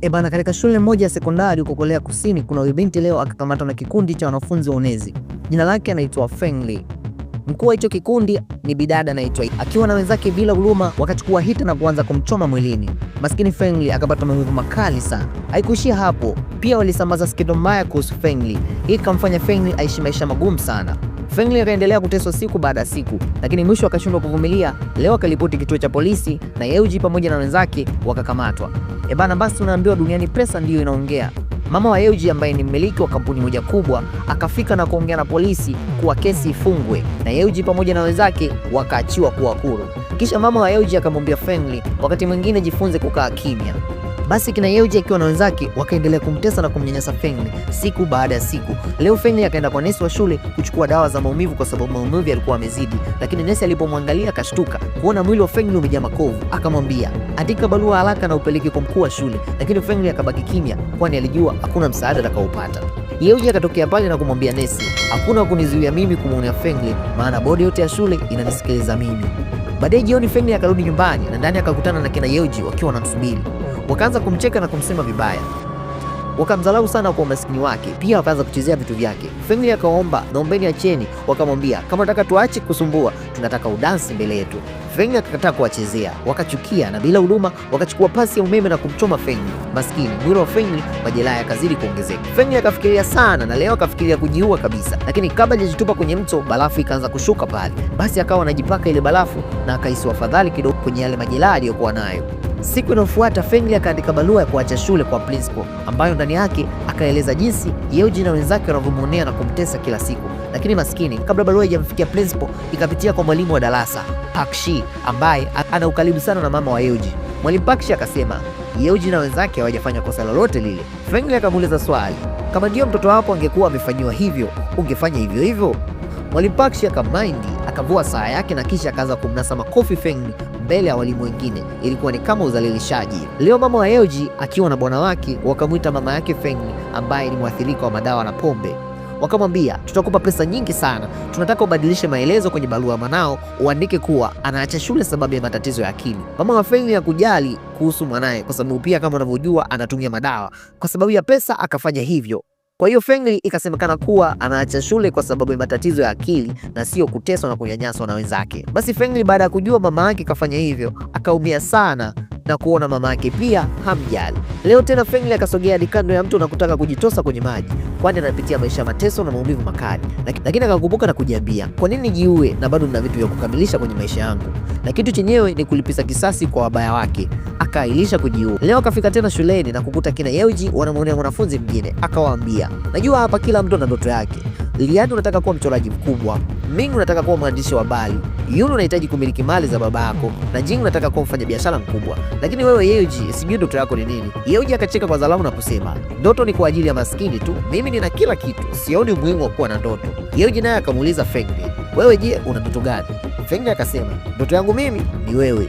E bana, katika shule moja ya sekondari huko Korea Kusini kuna binti leo akakamatwa na kikundi cha wanafunzi unezi Jina lake anaitwa Feng Li. Mkuu wa hicho kikundi ni bidada anaitwa akiwa na wenzake bila huruma wakachukua hita na kuanza kumchoma mwilini. Maskini Fengli akapata maumivu makali sana. Haikuishia hapo, pia walisambaza skendo mbaya kuhusu Fengli. Hii ikamfanya Fengli aishi maisha magumu sana. Fengli akaendelea kuteswa siku baada ya siku, lakini mwisho akashindwa kuvumilia. Leo akalipoti kituo cha polisi na Yeuji pamoja na wenzake wakakamatwa. Ebana, basi unaambiwa duniani pesa ndiyo inaongea. Mama wa Eugene ambaye ni mmiliki wa kampuni moja kubwa akafika na kuongea na polisi kuwa kesi ifungwe na Eugene pamoja na wenzake wakaachiwa kuwa huru. Kisha mama wa Eugene akamwambia Fengli wakati mwingine jifunze kukaa kimya. Basi kina Yeuji akiwa na wenzake wakaendelea kumtesa na kumnyanyasa Fengli siku baada ya siku. Leo Fengli akaenda kwa nesi wa shule kuchukua dawa za maumivu kwa sababu maumivu yalikuwa yamezidi, lakini nesi alipomwangalia akashtuka kuona mwili wa Fengli umejaa makovu. Akamwambia andika barua haraka na upeleke kwa mkuu wa shule, lakini Fengli akabaki kimya, kwani alijua hakuna msaada atakaoupata. Yeuji akatokea pale na kumwambia nesi, hakuna kunizuia mimi kumwonea Fengli, maana bodi yote ya shule inanisikiliza mimi. Baadaye jioni Fengli akarudi nyumbani na ndani akakutana na kina Yeuji wakiwa wanamsubiri. Wakaanza kumcheka na kumsema vibaya, wakamdharau sana kwa umaskini wake, pia wakaanza kuchezea vitu vyake. Family akaomba naombeni, acheni. Wakamwambia kama nataka tuache kusumbua, tunataka udansi mbele yetu. Feng akakataa kuwachezea, wakachukia na bila huruma wakachukua pasi ya umeme na kumchoma Feng. Maskini mwili wa Feng, majeraha yakazidi kuongezeka. Feng akafikiria sana na leo akafikiria kujiua kabisa, lakini kabla hajajitupa kwenye mto, barafu ikaanza kushuka pale, basi akawa anajipaka ile barafu na akahisi afadhali kidogo kwenye yale majeraha aliyokuwa nayo. Siku inayofuata Fengli akaandika barua ya kuacha shule kwa principal, ambayo ndani yake akaeleza jinsi Eugene na wenzake wanavyomwonea na kumtesa kila siku. Lakini maskini, kabla barua haijamfikia principal, ikapitia kwa mwalimu wa darasa Pakshi, ambaye ana ukaribu sana na mama wa Eugene. Mwalimu Pakshi akasema Eugene na wenzake hawajafanya kosa lolote lile. Fengli akamuuliza swali, kama ndiyo mtoto wako angekuwa amefanyiwa hivyo, ungefanya hivyo hivyo? Mwalimu Pakshi akamaindi akavua saa yake na kisha akaanza kumnasa makofi Fengli mbele ya walimu wengine, ilikuwa ni kama udhalilishaji. Leo mama wa Elji akiwa na bwana wake wakamwita mama yake Feng ambaye ni mwathirika wa madawa na pombe wakamwambia tutakupa pesa nyingi sana, tunataka ubadilishe maelezo kwenye barua mwanao, uandike kuwa anaacha shule sababu ya matatizo ya akili. Mama wa Feng hakujali kuhusu mwanaye, kwa sababu pia kama unavyojua anatumia madawa. Kwa sababu ya pesa akafanya hivyo. Kwa hiyo Fengli ikasemekana kuwa anaacha shule kwa sababu ya matatizo ya akili na sio kuteswa na kunyanyaswa na wenzake. Basi Fengli baada ya kujua mama yake kafanya hivyo, akaumia sana na kuona mama yake pia hamjali. Leo tena Fengli akasogea hadi kando ya mtu na kutaka kujitosa kwenye maji, kwani anapitia maisha mateso na maumivu makali, lakini akakumbuka na kujiambia, kwa nini jiue na bado nina vitu vya kukamilisha kwenye maisha yangu, na kitu chenyewe ni kulipiza kisasi kwa wabaya wake. Akaahirisha kujiua. Leo akafika tena shuleni na kukuta kina Yeuji wanamwonea mwanafunzi mwingine, akawaambia, najua hapa kila mtu ana ndoto yake Liani unataka kuwa mchoraji mkubwa, Ming unataka kuwa mwandishi wa habari, Yun unahitaji kumiliki mali za baba yako, na Jing unataka kuwa mfanyabiashara mkubwa. Lakini wewe Yeuji, sijui ndoto yako ni nini? yeji akacheka kwa dharau na kusema, ndoto ni kwa ajili ya maskini tu, mimi nina kila kitu, sioni umuhimu wa kuwa na ndoto. yeji naye akamuuliza Fengde, wewe je, una ndoto gani? Fengde akasema, ndoto yangu mimi ni wewe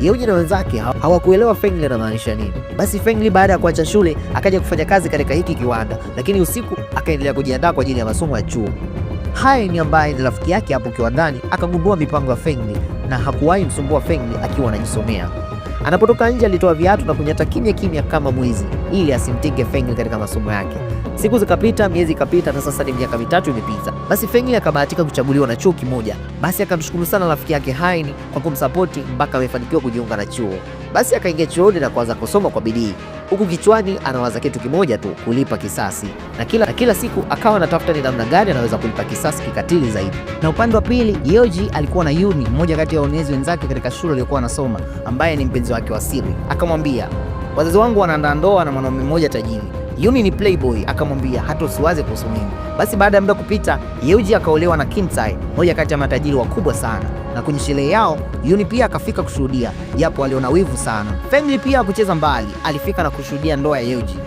yeye na wenzake hawakuelewa Fengli anamaanisha nini. Basi Fengli baada ya kuacha shule akaja kufanya kazi katika hiki kiwanda, lakini usiku akaendelea kujiandaa kwa ajili ya masomo ya chuo. Haen ambaye ni rafiki yake hapo kiwandani akagundua mipango ya Fengli na hakuwahi msumbua Fengli akiwa anajisomea. Anapotoka nje alitoa viatu na kunyata kimya kimya kama mwizi ili asimtege Fengli katika masomo yake. Siku zikapita, miezi ikapita, na sasa ni miaka mitatu imepita. Basi Fengli akabahatika kuchaguliwa na chuo kimoja. Basi akamshukuru sana rafiki yake Haini kwa kumsapoti mpaka amefanikiwa kujiunga na chuo. Basi akaingia chuoni na kuanza kusoma kwa bidii, huku kichwani anawaza kitu kimoja tu, kulipa kisasi, na kila, na kila siku akawa anatafuta ni namna gani anaweza kulipa kisasi kikatili zaidi. Na upande wa pili, Yoji alikuwa na Yuni, mmoja kati ya waonezi wenzake katika shule aliyokuwa anasoma, ambaye ni mpenzi wake wa siri, akamwambia Wazazi wangu wanaandaa ndoa na mwanaume mmoja tajiri. Yuni ni playboy, akamwambia hata usiwaze kuhusu mimi. Basi baada ya muda kupita, Yeuji akaolewa na Kintai, moja kati ya matajiri wakubwa sana, na kwenye sherehe yao Yuni pia akafika kushuhudia, japo aliona wivu sana. Family pia akucheza mbali, alifika na kushuhudia ndoa ya Yeuji.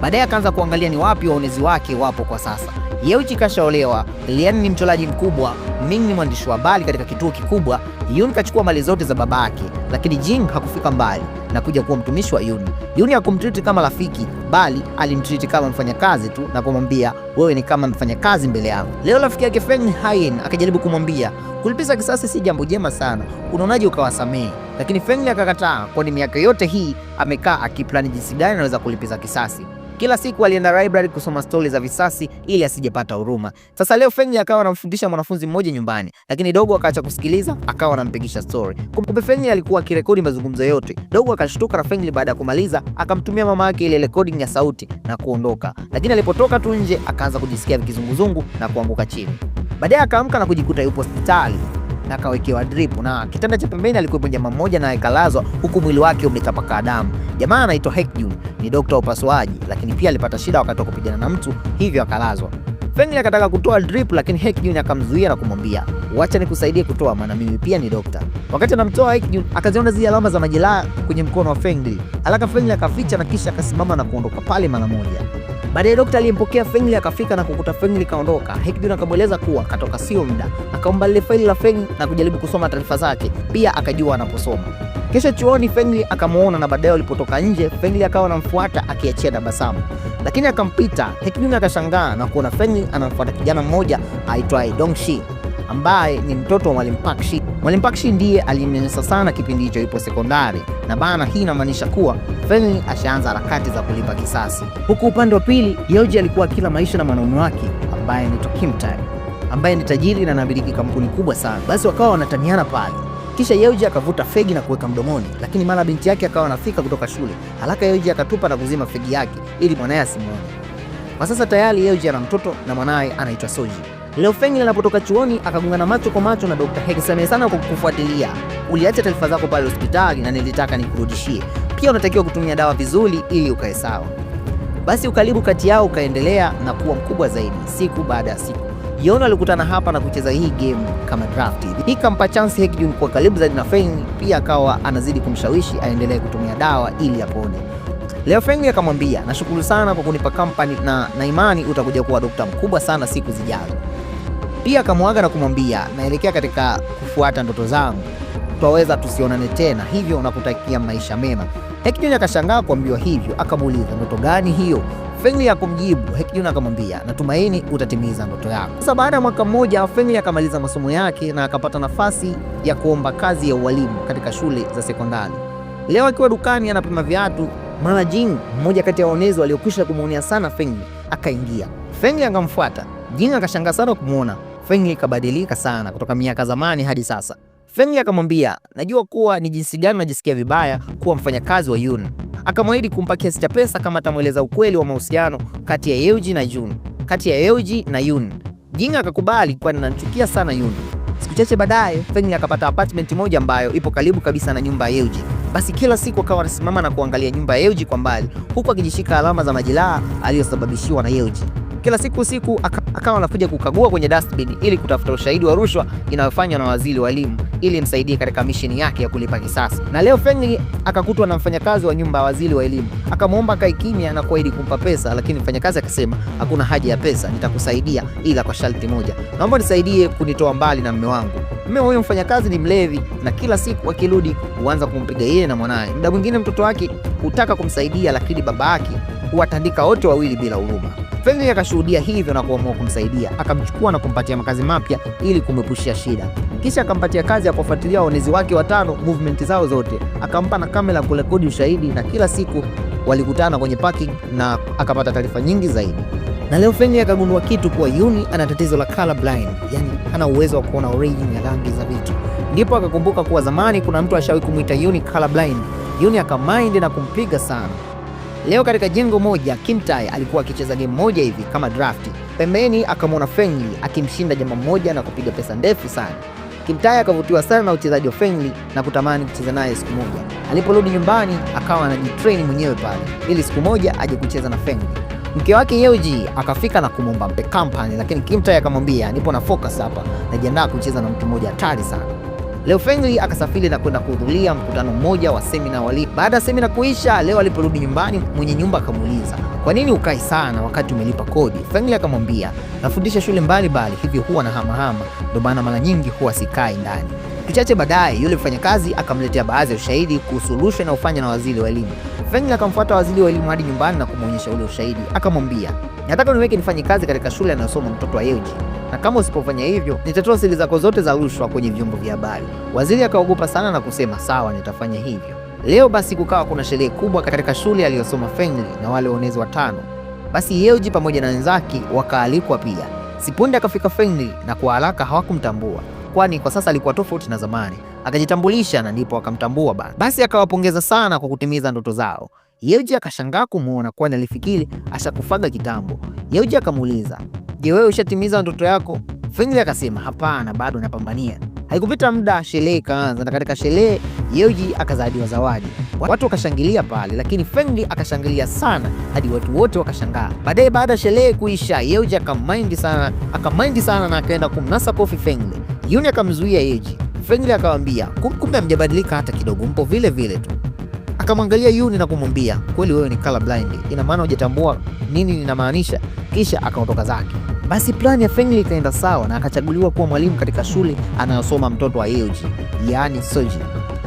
Baadaye akaanza kuangalia ni wapi waonezi wake wapo kwa sasa. Yeuji kashaolewa, Lian ni mcholaji mkubwa, Ming ni mwandishi wa habari katika kituo kikubwa. Yun kachukua mali zote za babake, lakini Jing hakufika mbali na kuja kuwa mtumishi wa Yuni. Juni hakumtriti kama rafiki, bali alimtriti kama mfanyakazi tu na kumwambia wewe ni kama mfanyakazi mbele yangu. Leo rafiki yake Hain akajaribu kumwambia kulipiza kisasi si jambo jema sana, unaonaje ukawasamehe? Lakini Feng akakataa, kwani miaka yote hii amekaa akiplani jinsi gani anaweza kulipiza kisasi. Kila siku alienda library kusoma stori za visasi ili asijepata huruma. Sasa leo Fenya akawa anamfundisha mwanafunzi mmoja nyumbani, lakini Dogo akaacha kusikiliza, akawa anampigisha stori. Kumbe feng alikuwa akirekodi mazungumzo yote. Dogo akashtuka na Fenyi baada ya kumaliza akamtumia mama yake ile recording ya sauti na kuondoka, lakini alipotoka tu nje akaanza kujisikia vikizunguzungu na kuanguka chini. Baadaye akaamka na kujikuta yupo hospitali na akawekewa drip, na kitanda cha pembeni alikuwepo jamaa mmoja na ikalazwa, huku mwili wake umetapakaa damu. Jamaa anaitwa Hekjun, ni dokta wa upasuaji, lakini pia alipata shida wakati wa kupigana na mtu, hivyo akalazwa. Fengli akataka kutoa drip lakini Hekjun akamzuia na kumwambia, wacha nikusaidie kutoa, maana mimi pia ni dokta. Wakati anamtoa Hekjun akaziona zile alama za majeraha kwenye mkono wa Fengli. Alaka Fengli akaficha na kisha akasimama na kuondoka pale mara moja. Baadaye Dokta aliyempokea Fengli akafika na kukuta Fengli kaondoka. Hekdin akamweleza kuwa katoka sio muda, akaomba lile faili la Fengli na kujaribu kusoma taarifa zake, pia akajua anaposoma. Kesho chuoni Fengli akamwona na baadaye walipotoka nje, Fengli akawa anamfuata akiachia tabasamu, lakini akampita. Hekdin akashangaa na kuona Fengli anamfuata kijana mmoja aitwaye Dongshi ambaye ni mtoto wa Mwalimu Pakshi. Mwalimu pakshi ndiye alimnyanyasa sana kipindi hicho ipo sekondari, na bana, hii inamaanisha kuwa Feni ashaanza harakati za kulipa kisasi, huku upande wa pili Yeoji alikuwa akila maisha na mwanaume wake ambaye anaitwa Kimtai ambaye ni tajiri na anamiliki kampuni kubwa sana. Basi wakawa wanataniana pale, kisha Yeoji akavuta fegi na kuweka mdomoni, lakini mara binti yake akawa anafika kutoka shule. Haraka Yeoji akatupa na kuzima fegi yake ili mwanaye asimwone. Kwa sasa tayari Yeoji ana mtoto na mwanaye anaitwa Soji. Leo Feng anapotoka chuoni akagongana macho kwa macho na Dr. Heki. Samehe sana kwa kukufuatilia, uliacha taarifa zako pale hospitali na nilitaka nikurudishie. Pia unatakiwa kutumia dawa vizuri ili ukae sawa. Basi ukaribu kati yao ukaendelea na kuwa mkubwa zaidi siku baada ya siku. Yono alikutana hapa na kucheza hii game kama draft. Hii kampa chance Heki Jun kwa karibu zaidi na Feng, pia akawa anazidi kumshawishi aendelee kutumia dawa ili apone. Leo Feng akamwambia, nashukuru sana kwa kunipa company na na imani utakuja kuwa dokta mkubwa sana siku zijazo. Pia akamwaga na kumwambia, naelekea katika kufuata ndoto zangu, twaweza tusionane tena, hivyo nakutakia maisha mema. Hekijuni akashangaa kuambiwa hivyo, akamuuliza ndoto gani hiyo? Fengli akumjibu Hekijuni akamwambia, natumaini utatimiza ndoto yako. Sasa baada ya mwaka mmoja, Fengli akamaliza masomo yake na akapata nafasi ya kuomba kazi ya ualimu katika shule za sekondari. Leo akiwa dukani anapima viatu, mara Jing, mmoja kati ya waonezi waliokwisha kumwonea sana Fengli, akaingia. Fengli akamfuata. Jing akashangaa sana kumwona. Feng ikabadilika sana kutoka miaka zamani hadi sasa. Feng akamwambia, najua kuwa ni jinsi gani unajisikia vibaya kuwa mfanyakazi wa Yun. Akamwahidi kumpa kiasi cha pesa kama atamweleza ukweli wa mahusiano kati ya Yeuji na Jun, kati ya Yeuji na Yun. Jing akakubali kwani anamchukia sana Yun. Siku chache baadaye, Feng akapata apartment moja ambayo ipo karibu kabisa na nyumba ya Yeuji. Basi kila siku akawa anasimama na kuangalia nyumba ya Yeuji kwa mbali, huku akijishika alama za majeraha aliyosababishiwa na Yeuji. Kila siku siku akawa anakuja kukagua kwenye dustbin ili kutafuta ushahidi wa rushwa inayofanywa na waziri wa elimu ili msaidie katika misheni yake ya kulipa kisasi. Na leo Fengli akakutwa na mfanyakazi wa nyumba ya waziri wa elimu, akamwomba akae kimya na kuahidi kumpa pesa, lakini mfanyakazi akasema, hakuna haja ya pesa, nitakusaidia ila kwa sharti moja, naomba nisaidie kunitoa mbali na mme wangu. Mme huyo mfanyakazi ni mlevi, na kila siku akirudi huanza kumpiga yeye na mwanaye. Muda mwingine mtoto wake hutaka kumsaidia, lakini baba yake huwatandika wote wawili bila huruma. Fengi akashuhudia hivyo na kuamua kumsaidia, akamchukua na kumpatia makazi mapya ili kumwepushia shida. Kisha akampatia kazi ya kufuatilia waonezi wake watano, movement zao zote, akampa na kamera kurekodi ushahidi, na kila siku walikutana kwenye parking na akapata taarifa nyingi zaidi. Na leo Fengi akagundua kitu kuwa Yuni ana tatizo la color blind, yani hana uwezo wa kuona orange ya rangi za vitu. Ndipo akakumbuka kuwa zamani kuna mtu ashawahi kumwita Yuni color blind. Yuni akamind na kumpiga sana. Leo katika jengo moja Kimtai alikuwa akicheza game moja hivi kama drafti, pembeni akamwona Fengli akimshinda jamaa mmoja na kupiga pesa ndefu sana. Kimtai akavutiwa sana na uchezaji wa Fengli na kutamani kucheza naye siku moja. Aliporudi nyumbani, akawa anajitrain mwenyewe pale ili siku moja aje kucheza na Fengli. Mke wake Yeuji akafika na kumwomba mpe company, lakini Kimtai akamwambia, nipo na focus hapa, najiandaa kucheza na mtu mmoja hatari sana. Leo Fengli akasafiri na kwenda kuhudhuria mkutano mmoja wa semina wali. Baada ya semina kuisha, Leo aliporudi nyumbani, mwenye nyumba akamuuliza, kwa nini ukai sana wakati umelipa kodi? Fengli akamwambia, nafundisha shule mbalimbali, hivyo huwa na hamahama, ndio maana mara nyingi huwa sikai ndani. Kichache baadaye, yule mfanyakazi akamletea baadhi ya ushahidi kuhusu rushwa inayofanywa na waziri wa elimu. Fengler akamfuata waziri wa elimu hadi nyumbani na kumwonyesha ule ushahidi. Akamwambia, nataka niweke nifanye kazi katika shule anayosoma mtoto wa Yeji, na kama usipofanya hivyo nitatoa siri zako zote za rushwa kwenye vyombo vya habari. Waziri akaogopa sana na kusema sawa, nitafanya hivyo. Leo basi kukawa kuna sherehe kubwa katika shule aliyosoma Fengli na wale waonezi watano. Basi Eugene pamoja na wenzake wakaalikwa pia. Sipunde akafika Fengli na kwa haraka hawakumtambua kwani kwa sasa alikuwa tofauti na zamani. Akajitambulisha na ndipo akamtambua bana. Basi akawapongeza sana kwa kutimiza ndoto zao. Yewji akashangaa kumuona kwani alifikiri ashakufaga kitambo. Yewji akamuuliza, je, wewe ushatimiza ndoto yako? Fingle akasema hapana, bado napambania. Haikupita muda sherehe ikaanza, na katika sherehe Yewji akazawadiwa zawadi. Watu wakashangilia pale, lakini Fengli akashangilia sana hadi watu wote wakashangaa. Baadaye, baada ya sherehe kuisha, Yewji akamindi sana akamindi sana na akaenda kumnasa kofi Fengli. Juni akamzuia Eiji. Fengli akamwambia kumbe hamjabadilika hata kidogo, mpo vile vile tu. Akamwangalia Yuni na kumwambia kweli, wewe ni color blind, ina maana hujatambua nini ninamaanisha. Kisha akaondoka zake. Basi plani ya Fengli ikaenda sawa na akachaguliwa kuwa mwalimu katika shule anayosoma mtoto wa Eiji, yaani Soji.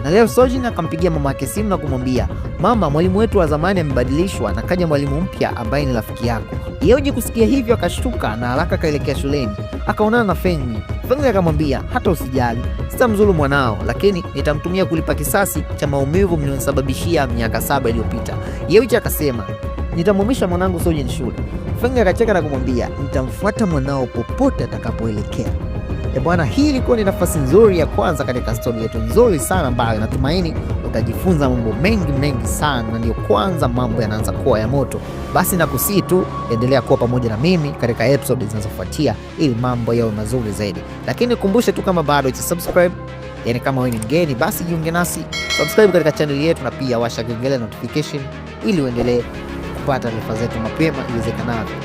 Na leo Sojin akampigia mama yake simu na kumwambia, mama, mwalimu wetu wa zamani amebadilishwa na kaja mwalimu mpya ambaye ni rafiki yako. Yeoji kusikia hivyo akashtuka na haraka akaelekea shuleni. Akaonana na Fenyi. Fenyi akamwambia hata usijali, sitamdhuru mwanao, lakini nitamtumia kulipa kisasi cha maumivu mlionisababishia miaka saba iliyopita. Yeoji akasema nitamwamisha mwanangu Soji shule. Fenyi akacheka na kumwambia nitamfuata mwanao popote atakapoelekea. E bwana, hii ilikuwa ni nafasi nzuri ya kwanza katika stori yetu nzuri sana, ambayo natumaini utajifunza mambo mengi mengi sana, na ndio kwanza mambo yanaanza kuwa ya moto. Basi nakusii tu endelea kuwa pamoja na mimi katika episode zinazofuatia ili mambo yawe mazuri zaidi, lakini kumbushe tu kama bado uja subscribe Yani, kama wewe ni mgeni basi jiunge nasi, subscribe katika channel yetu, na pia washa kengele notification ili uendelee kupata taarifa zetu mapema iwezekanavyo.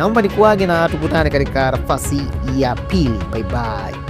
Naomba nikuage na tukutane katika nafasi ya pili. Bye bye.